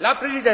La prezident.